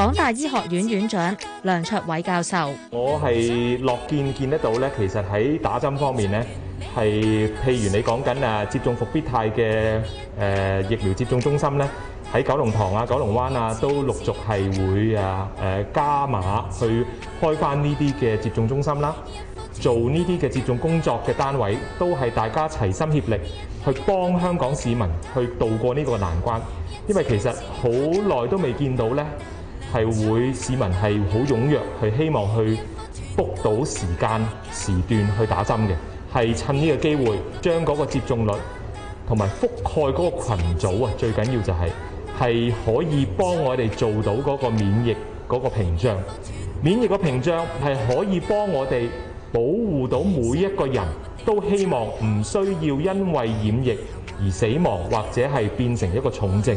港大醫學院院長，梁卓偉教授。係會市民係好踴躍，係希望去 book 到時間時段去打針嘅，係趁呢個機會將嗰個接種率同埋覆蓋嗰個羣組啊，最緊要就係係可以幫我哋做到嗰個免疫嗰個屏障，免疫個屏障係可以幫我哋保護到每一個人都希望唔需要因為染疫而死亡或者係變成一個重症。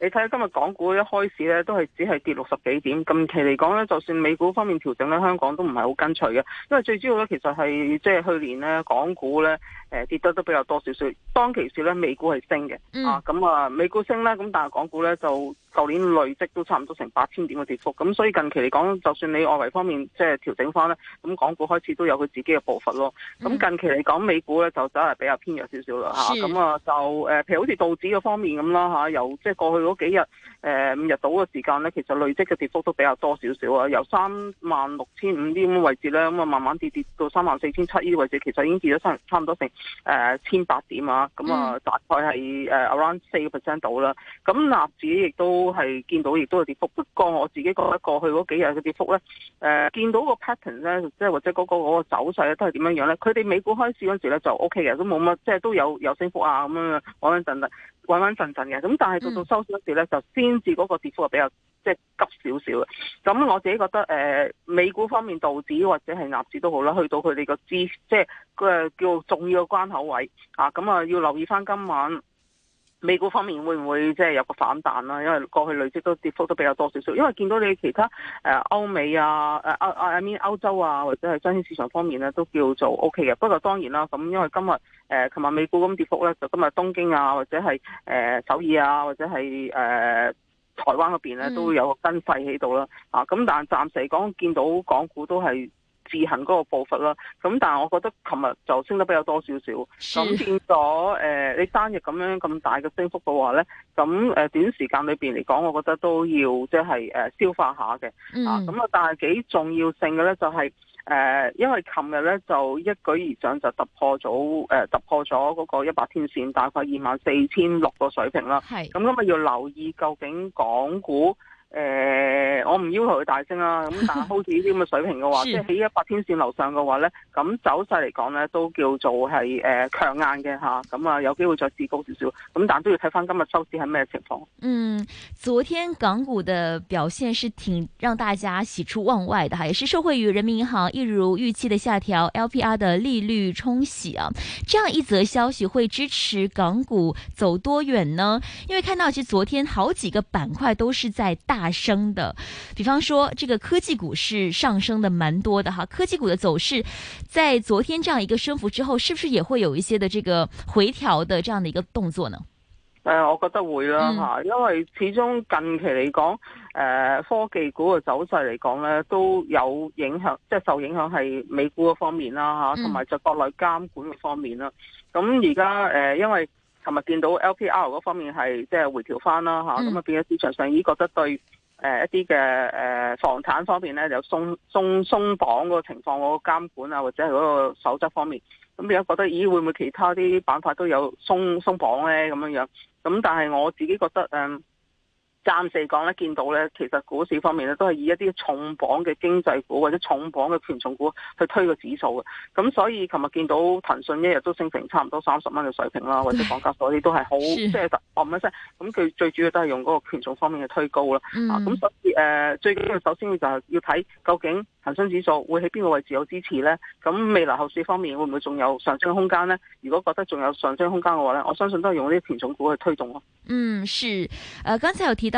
你睇下今日港股一開始咧，都係只係跌六十幾點。近期嚟講咧，就算美股方面調整咧，香港都唔係好跟隨嘅，因為最主要咧其實係即係去年咧，港股咧、呃、跌得都比較多少少。當其時咧，美股係升嘅、嗯、啊，咁、嗯、啊美股升呢，咁但係港股咧就舊年累積都差唔多成八千點嘅跌幅。咁、嗯、所以近期嚟講，就算你外圍方面即係調整翻咧，咁、嗯嗯、港股開始都有佢自己嘅步伐咯。咁、嗯嗯、近期嚟講，美股咧就真係比較偏弱少少啦咁啊，啊就、呃、譬如好似道指嗰方面咁啦嚇，即係過去。嗰幾日誒、呃、五日到嘅時間咧，其實累積嘅跌幅都比較多少少啊，由三萬六千五呢啲位置咧，咁啊慢慢跌跌到三萬四千七呢啲位置，其實已經跌咗差唔多成誒千八點啊，咁啊大概係誒 around 四個 percent 到啦。咁納指亦都係見到，亦都有跌幅。不過我自己覺得過去嗰幾日嘅跌幅咧，誒、呃、見到個 pattern 咧，即係或者嗰個嗰個走勢咧、OK，都係點樣樣咧？佢哋美股開始嗰陣時咧就 O K 嘅，都冇乜，即係都有有升幅啊咁樣啊。講緊陣穩穩陣陣嘅，咁但係到到收市嗰時咧，就先至嗰個跌幅係比較即係急少少嘅。咁我自己覺得，誒、呃、美股方面道指或者係納指都好啦，去到佢哋個支，即係誒叫重要關口位啊，咁啊，啊要留意翻今晚。美股方面會唔會即係有個反彈啦、啊？因為過去累積都跌幅都比較多少少，因為見到你其他誒歐美啊、誒阿阿阿歐洲啊，或者係新興市場方面咧都叫做 O K 嘅。不過當然啦，咁因為今日誒琴日美股咁跌幅咧，就今日東京啊，或者係、呃、首爾啊，或者係誒、呃、台灣嗰邊咧都有個跟勢喺度啦。咁、嗯啊、但係暫時嚟講見到港股都係。自行嗰個步伐啦，咁但係我覺得琴日就升得比較多少少，咁變咗誒你三日咁樣咁大嘅升幅嘅話咧，咁短時間裏面嚟講，我覺得都要即係消化下嘅，啊、嗯、咁啊，但係幾重要性嘅咧就係、是、誒、呃，因為琴日咧就一舉而上就突破咗、呃、突破咗嗰個一百天線，大概二萬四千六個水平啦，係咁今日要留意究竟港股。呃，我唔要求佢大升啦，啊，咁但係好似呢啲咁嘅水平嘅話， 即係喺一百天線樓上嘅話咧，咁走勢嚟講咧都叫做係誒、呃、強硬嘅吓，咁啊、嗯、有機會再至高少少，咁但係都要睇返今日收市係咩情況。嗯，昨天港股的表現是挺讓大家喜出望外的吓，也是受惠於人民銀行一如預期的下調 LPR 的利率沖洗啊，這樣一則消息會支持港股走多遠呢？因為看到其實昨天好幾個板塊都是在大。上升的，比方說，這個科技股是上升的蠻多的哈。科技股的走勢，在昨天這樣一個升幅之後，是不是也會有一些的這個回調的這樣的一個動作呢？誒、呃，我覺得會啦吓、嗯，因為始終近期嚟講，誒、呃、科技股嘅走勢嚟講咧，都有影響，即係受影響係美股嘅方面啦吓，同埋就國內監管嘅方面啦。咁而家誒，因為尋日見到 LPR 嗰方面係即係回調翻啦，咁啊變咗市場上已經覺得對誒一啲嘅誒房產方面咧有鬆鬆鬆綁嗰個情況嗰、嗰個監管啊或者係嗰個守則方面，咁你家覺得咦會唔會其他啲板塊都有鬆鬆綁咧咁樣樣？咁但係我自己覺得嗯。暫時嚟講咧，見到咧，其實股市方面咧都係以一啲重磅嘅經濟股或者重磅嘅權重股去推個指數嘅。咁所以琴日見到騰訊一日都升成差唔多三十蚊嘅水平啦，或者港交所啲都係好，即係突噏一聲。咁、哦、佢最主要都係用嗰個權重方面去推高啦。咁所以誒，最緊要首先就係要睇究竟恒生指數會喺邊個位置有支持咧？咁未來後市方面會唔會仲有上升空間咧？如果覺得仲有上升空間嘅話咧，我相信都係用呢啲權重股去推動咯。嗯，是。誒、呃，剛才有提到。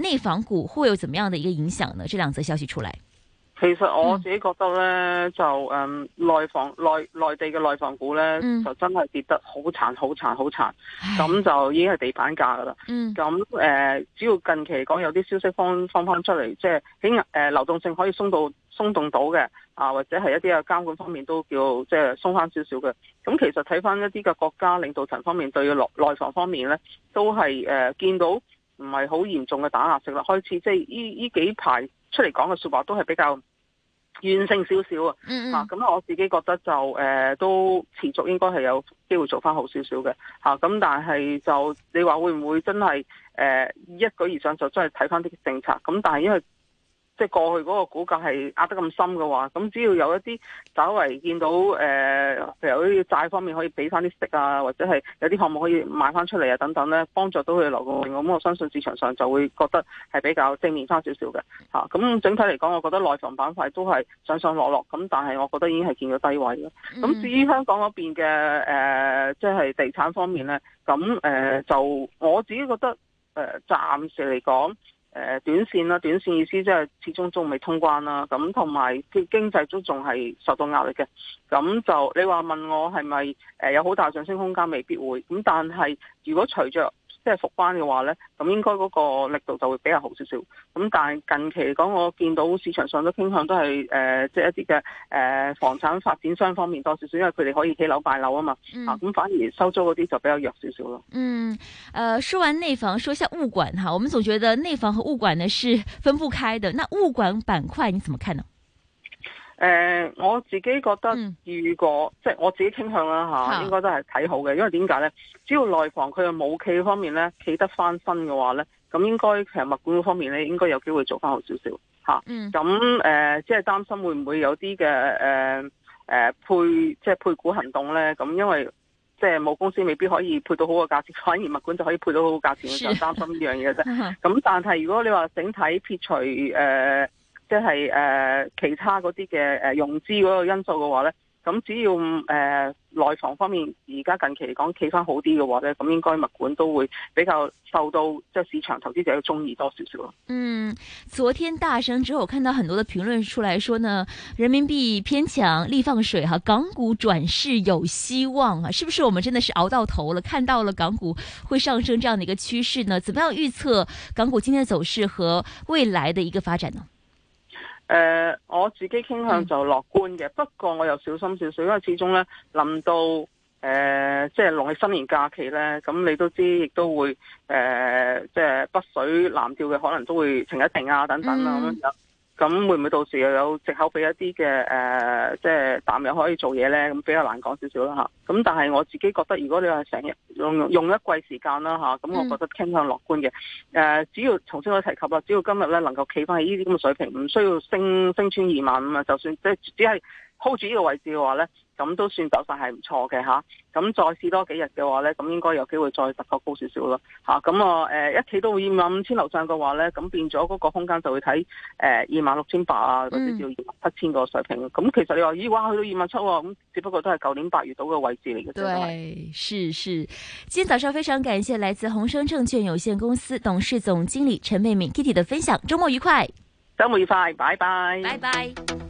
內房股會有怎麼樣的一個影響呢？這兩則消息出來，其實我自己覺得呢，嗯、就誒、呃、內房內內地嘅內房股呢，嗯、就真係跌得好慘好慘好慘，咁就已經係地板價噶啦。咁、嗯、誒、呃，只要近期講有啲消息放放翻出嚟，即係喺誒流動性可以鬆到鬆動到嘅啊，或者係一啲嘅監管方面都叫即係鬆翻少少嘅。咁其實睇翻一啲嘅國家領導層方面對內內房方面呢，都係誒、呃、見到。唔係好嚴重嘅打壓性啦，開始即係呢呢幾排出嚟講嘅説話都係比較軟性少少、mm-hmm. 啊。嗯嗯。咁我自己覺得就誒、呃、都持續應該係有機會做翻好少少嘅嚇。咁但係就你話會唔會真係誒、呃、一舉而上，就真係睇翻啲政策。咁、啊、但係因為，即係過去嗰個股價係壓得咁深嘅話，咁只要有一啲稍為見到誒，譬、呃、如啲債方面可以俾翻啲息啊，或者係有啲項目可以賣翻出嚟啊等等咧，幫助到佢落降，咁我相信市場上就會覺得係比較正面翻少少嘅嚇。咁整體嚟講，我覺得內房板塊都係上上落落，咁但係我覺得已經係見到低位嘅。咁至於香港嗰邊嘅誒、呃，即係地產方面咧，咁誒、呃、就我自己覺得誒、呃，暫時嚟講。誒短線啦，短線意思即係始終仲未通關啦，咁同埋經經濟都仲係受到壓力嘅，咁就你話問我係咪，誒有好大上升空間未必會，咁但係如果隨著。即係復班嘅話呢，咁應該嗰個力度就會比較好少少。咁但係近期嚟講，我見到市場上都傾向都係誒，即、呃、係、就是、一啲嘅誒，房產發展商方面多少少，因為佢哋可以起樓賣樓啊嘛、嗯。啊，咁反而收租嗰啲就比較弱少少咯。嗯，誒、呃，說完內房，說一下物管哈。我們總覺得內房和物管呢是分不開的。那物管板塊你怎麼看呢？誒、呃，我自己覺得，如果、嗯、即係我自己傾向啦嚇、啊啊，應該都係睇好嘅，因為點解咧？只要內房佢嘅武器方面咧，企得翻身嘅話咧，咁應該其實物管方面咧，應該有機會做翻好少少嚇。咁、啊、誒、嗯嗯呃，即係擔心會唔會有啲嘅誒誒配，即係配股行動咧？咁因為即係冇公司未必可以配到好嘅價錢，反而物管就可以配到好嘅價錢，就擔心呢樣嘢啫。咁、嗯啊、但係如果你話整體撇除誒。呃即係誒、呃，其他嗰啲嘅誒融資嗰個因素嘅話咧，咁只要誒內、呃、房方面而家近期嚟講企翻好啲嘅話咧，咁應該物管都會比較受到即係市場投資者嘅鍾意多少少咯。嗯，昨天大升之後，我看到很多的評論出來說呢，人民幣偏強，力放水，哈，港股轉勢有希望啊！是不是我們真的是熬到頭了？看到了港股會上升這樣的一個趨勢呢？怎麼樣預測港股今天的走勢和未來的一個發展呢？誒、呃，我自己傾向就樂觀嘅、嗯，不過我又小心少少，因為始終咧臨到誒，即係農曆新年假期咧，咁你都知，亦都會誒，即、呃、係、就是、北水南調嘅可能都會停一停啊，等等啊咁樣。嗯咁會唔會到時又有藉口俾一啲嘅誒，即、呃、係、就是、淡友可以做嘢咧？咁比較難講少少啦嚇。咁但係我自己覺得，如果你話成日用用一季時間啦嚇，咁我覺得傾向樂觀嘅。誒、嗯，只、呃、要重新去提及啦，只要今日咧能夠企翻喺呢啲咁嘅水平，唔需要升升穿二萬五啊，就算即係只係 hold 住呢個位置嘅話咧。咁都算走勢係唔錯嘅吓，咁再試多幾日嘅話咧，咁應該有機會再突破高少少咯吓，咁啊誒，一企到二萬五千樓上嘅話咧，咁變咗嗰個空間就會睇誒二萬六千八啊，或者叫二萬七千個水平。咁、嗯、其實你話咦哇，去到二萬七，咁只不過都係舊年八月度嘅位置嚟嘅啫。對，是是，今天早上非常感謝來自鴻昇證券有限公司董事總經理陳蓓敏 Kitty 嘅分享，周末愉快。周末愉快，拜拜，拜拜。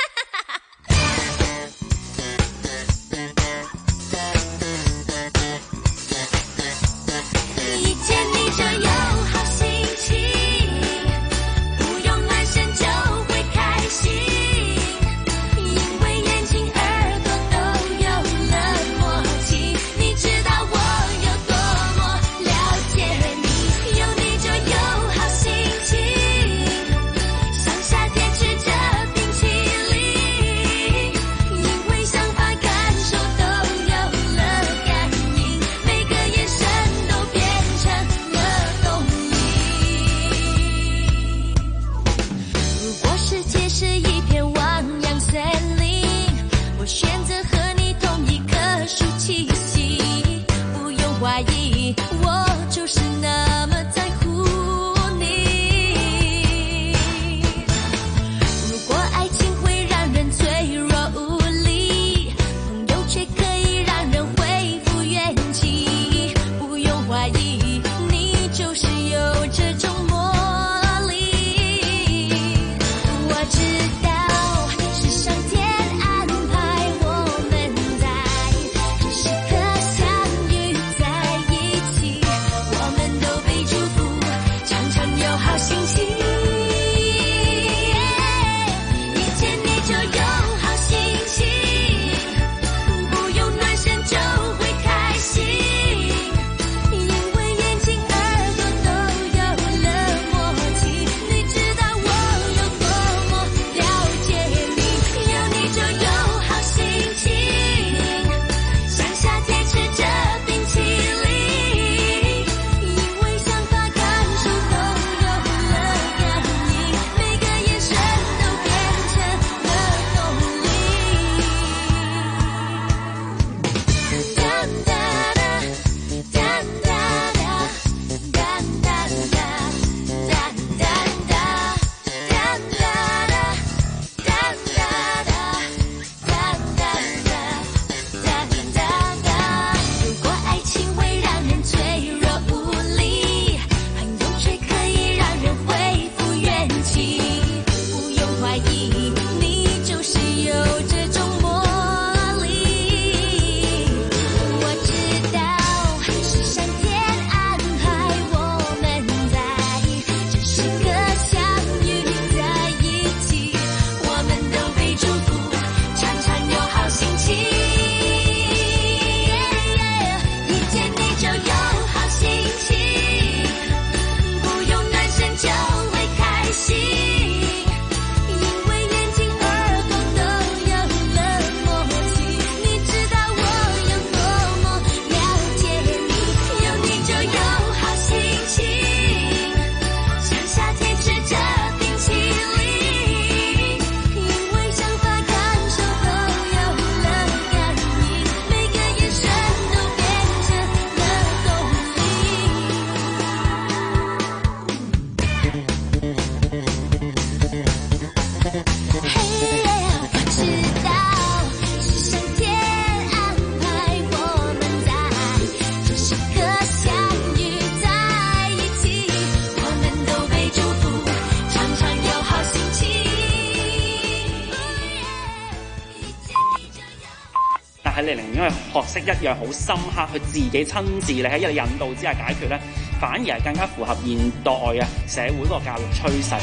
識一樣好深刻，佢自己親自你喺一個引導之下解決咧，反而係更加符合現代嘅社會個教育趨勢。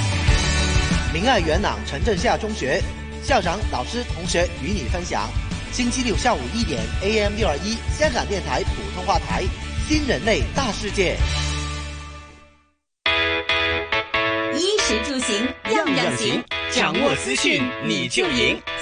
明愛元朗陳振夏中學，校長老師同學與你分享，星期六下午一點 AM 六二一香港電台普通話台《新人類大世界》。衣食住行樣樣行，掌握資訊你就贏。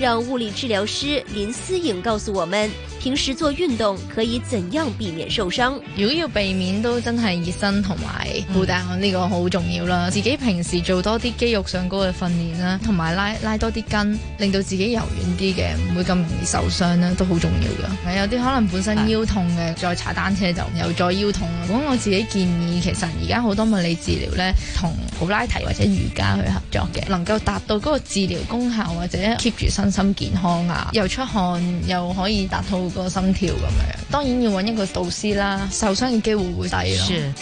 讓物理治療師林思穎告訴我們，平時做運動可以怎樣避免受傷。如果要避免都真係熱身同埋護蛋呢個好重要啦。自己平時做多啲肌肉上高嘅訓練啦，同埋拉拉多啲筋，令到自己柔軟啲嘅，唔會咁容易受傷啦，都好重要噶、嗯。有啲可能本身腰痛嘅、嗯，再踩單車就又再腰痛。咁、嗯、我自己建議，其實而家好多物理治療咧，同普拉提或者瑜伽去合作嘅，能夠達到嗰個治療功效或者 keep 住身體。心健康啊，又出汗又可以達到個心跳咁樣，當然要揾一個導師啦、啊，受傷嘅機會會大，咯。是。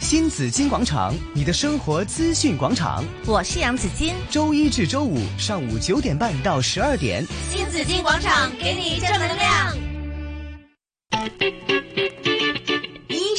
新紫荊廣場，你的生活資訊廣場。我是楊子矜。周一至周五上午九點半到十二點。新紫荊廣場，給你正能量。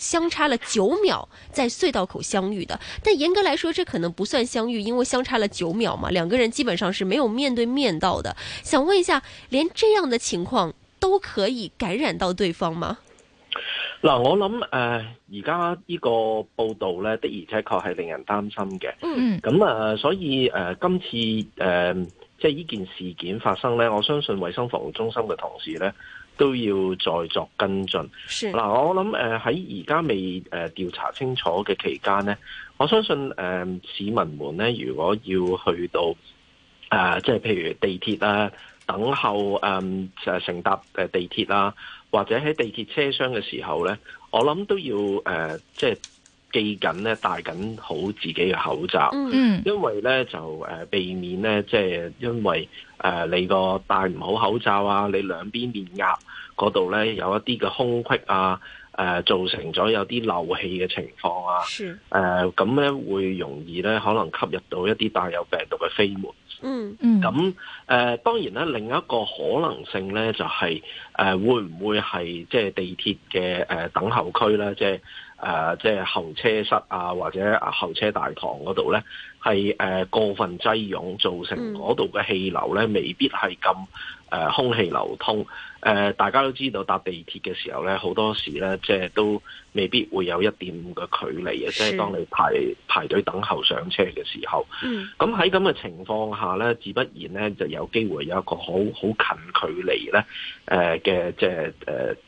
相差了九秒，在隧道口相遇的，但嚴格來說，這可能不算相遇，因為相差了九秒嘛，兩個人基本上是沒有面對面到的。想問一下，連這樣的情況都可以感染到對方嗎？嗱，我諗誒，而家呢個報道咧，的而且確係令人擔心嘅。嗯，咁啊，所以誒、呃，今次誒、呃，即係呢件事件發生咧，我相信衛生防護中心嘅同事咧。都要再作跟進。嗱，我諗誒喺而家未誒調查清楚嘅期間咧，我相信誒市民們咧，如果要去到誒，即係譬如地鐵啊，等候誒誒乘搭誒地鐵啦，或者喺地鐵車廂嘅時候咧，我諗都要誒、呃、即係。記緊咧，戴緊好自己嘅口罩，嗯、因為咧就誒避免咧，即、就、係、是、因為誒、呃、你個戴唔好口罩啊，你兩邊面壓嗰度咧有一啲嘅空隙啊，誒、呃、造成咗有啲漏氣嘅情況啊，誒咁咧會容易咧可能吸入到一啲帶有病毒嘅飛沫。嗯嗯，咁誒、呃、當然咧另一個可能性咧就係、是、誒、呃、會唔會係即係地鐵嘅誒、呃、等候區咧即係。就是誒、呃，即係候車室啊，或者啊候車大堂嗰度咧，係誒、呃、過分擠擁造成嗰度嘅氣流咧，未必係咁誒空氣流通。誒、呃，大家都知道搭地鐵嘅時候咧，好多時咧，即、就、係、是、都未必會有一點五嘅距離嘅，即、就、係、是、當你排排隊等候上車嘅時候。咁喺咁嘅情況下咧，自不然咧就有機會有一個好好近距離咧誒嘅即係誒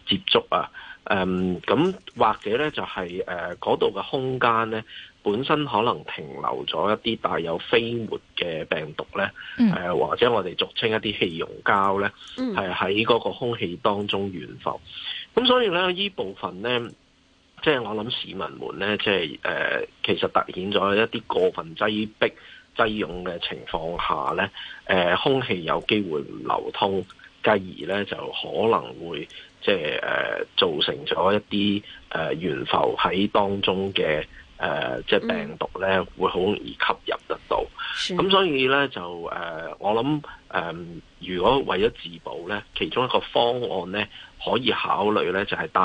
接觸啊。誒、um,，咁或者咧就係誒嗰度嘅空間咧，本身可能停留咗一啲帶有飛沫嘅病毒咧，誒、嗯、或者我哋俗稱一啲氣溶膠咧，係喺嗰個空氣當中懸浮。咁所以咧，呢部分咧，即、就、係、是、我諗市民們咧，即係誒，其實凸顯咗一啲過分擠逼、擠擁嘅情況下咧，誒空氣有機會唔流通，繼而咧就可能會。即係誒，造成咗一啲誒懸浮喺當中嘅誒，即、呃、係、就是、病毒咧、嗯，會好容易吸入得到。咁、嗯、所以咧就誒、呃，我諗誒、呃，如果為咗自保咧，其中一個方案咧，可以考慮咧，就係、是、戴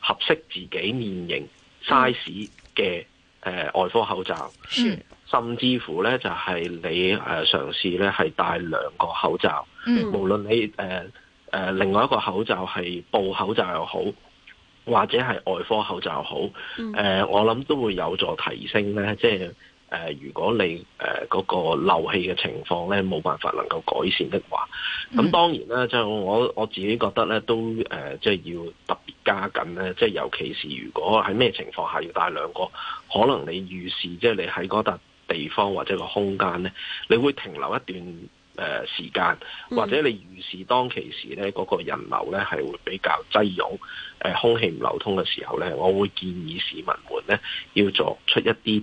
合適自己面型、嗯、size 嘅誒、呃、外科口罩。嗯、甚至乎咧，就係、是、你誒嘗試咧，係戴兩個口罩。嗯、無論你誒。呃誒，另外一個口罩係布口罩又好，或者係外科口罩又好，誒、嗯呃，我諗都會有助提升咧。即係誒、呃，如果你誒嗰、呃那個漏氣嘅情況咧，冇辦法能夠改善的話，咁當然啦，就我我自己覺得咧，都誒、呃，即係要特別加緊咧。即係尤其是如果喺咩情況下要戴兩個，可能你預視即係你喺嗰笪地方或者個空間咧，你會停留一段。誒，時間或者你預示當其時咧，嗰個人流咧係會比較擠擁。誒，空氣唔流通嘅時候咧，我會建議市民們咧要作出一啲。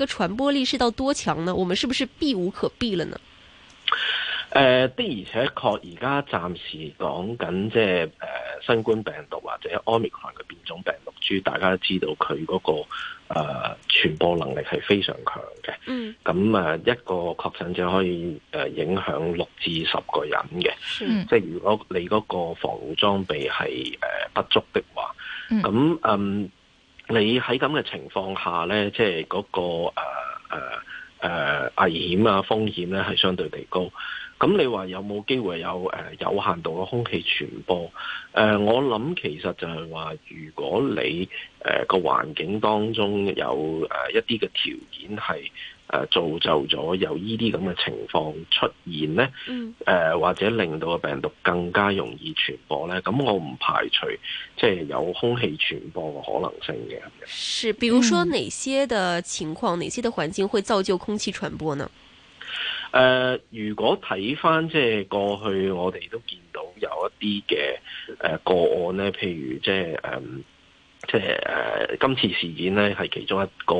這個傳播力是到多強呢？我們是不是避無可避了呢？呃、的而且確，而家暫時講緊即係新冠病毒或者 Omicron 嘅變種病毒株，大家都知道佢嗰、那個誒、呃、傳播能力係非常強嘅。嗯，咁誒、呃、一個確診者可以誒、呃、影響六至十個人嘅、嗯。即係如果你嗰個防護裝備係誒、呃、不足的話，嗯，咁嗯。呃你喺咁嘅情況下呢，即係嗰個誒誒、啊啊啊、危險啊，風險呢係相對地高。咁你話有冇機會有誒有限度嘅空氣傳播？誒、啊，我諗其實就係話，如果你誒個環境當中有誒一啲嘅條件係。誒，造就咗有呢啲咁嘅情況出現呢，誒、嗯呃，或者令到個病毒更加容易傳播呢。咁我唔排除即係有空氣傳播嘅可能性嘅。是，比如說哪些的情況、嗯，哪些的環境會造就空氣傳播呢？誒、呃，如果睇翻，即係過去，我哋都見到有一啲嘅個案呢，譬如即係誒。嗯即係誒、呃，今次事件咧係其中一個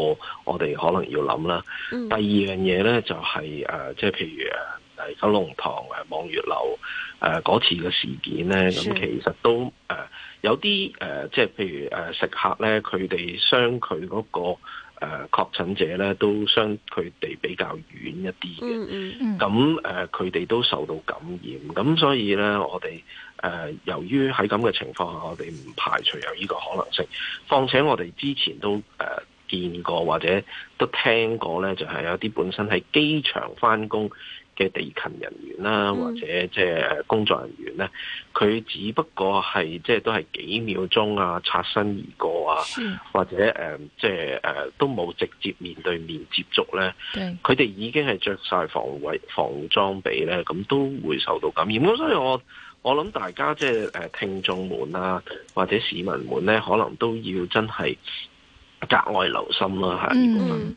我哋可能要諗啦。第二樣嘢咧就係、是、誒、呃，即係譬如誒、啊，九龍塘誒望月樓誒嗰、呃、次嘅事件咧，咁其實都誒、呃、有啲誒、呃，即係譬如誒、呃、食客咧，佢哋相佢嗰個。誒、呃、確診者咧都相佢哋比較遠一啲嘅，咁誒佢哋都受到感染，咁所以咧我哋誒、呃、由於喺咁嘅情況下，我哋唔排除有呢個可能性。況且我哋之前都誒、呃、見過或者都聽過咧，就係、是、有啲本身喺機場返工。嘅地勤人員啦，或者即係工作人員呢，佢、嗯、只不過係即係都係幾秒鐘啊，擦身而過啊，或者誒即係都冇直接面對面接觸呢，佢哋已經係着晒防衞防護裝備呢，咁都會受到感染。咁所以我我諗大家即係誒聽眾們啦、啊，或者市民們呢，可能都要真係格外留心咯，係。嗯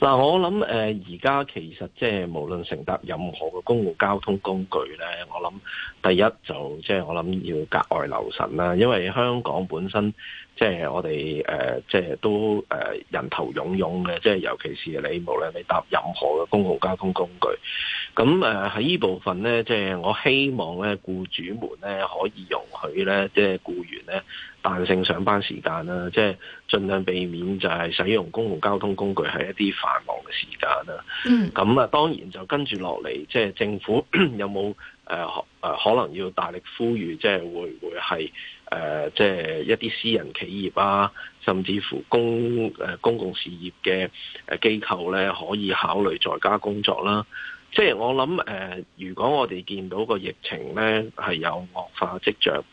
嗱，我諗誒，而家其實即係無論乘搭任何嘅公共交通工具咧，我諗第一就即係我諗要格外留神啦。因為香港本身即係我哋誒，即係都誒人頭湧湧嘅，即係尤其是你無論你搭任何嘅公共交通工具。咁誒喺呢部分咧，即係我希望咧，僱主們咧可以容許咧，即係僱員咧彈性上班時間啦，即係盡量避免就係使用公共交通工具係一啲繁忙嘅時間啦。嗯。咁啊，當然就跟住落嚟，即係政府有冇誒誒可能要大力呼籲，即係會唔會係誒即係一啲私人企業啊，甚至乎公誒公共事業嘅誒機構咧，可以考慮在家工作啦。即係我諗，誒、呃，如果我哋見到個疫情咧係有惡化跡象，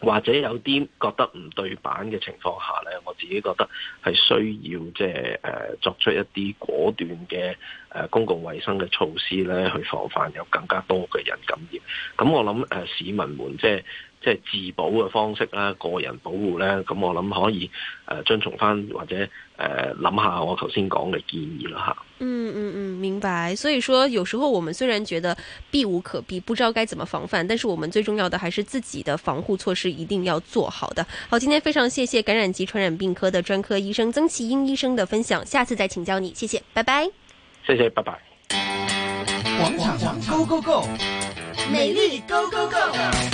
或者有啲覺得唔對版嘅情況下咧，我自己覺得係需要即係誒作出一啲果斷嘅誒公共衛生嘅措施咧，去防範有更加多嘅人感染。咁、嗯、我諗誒、呃、市民們即係。即係自保嘅方式啦，個人保護咧，咁我諗可以誒，遵從翻或者誒諗、呃、下我頭先講嘅建議啦吓。嗯嗯嗯，明白。所以說，有時候我們雖然覺得避無可避，不知道該怎麼防範，但是我們最重要的還是自己的防護措施一定要做好的。好，今天非常謝謝感染及傳染病科的專科醫生曾祈殷醫生的分享，下次再請教你，謝謝，拜拜。謝謝，拜拜。廣場廣場 Go Go Go，美麗 Go Go Go。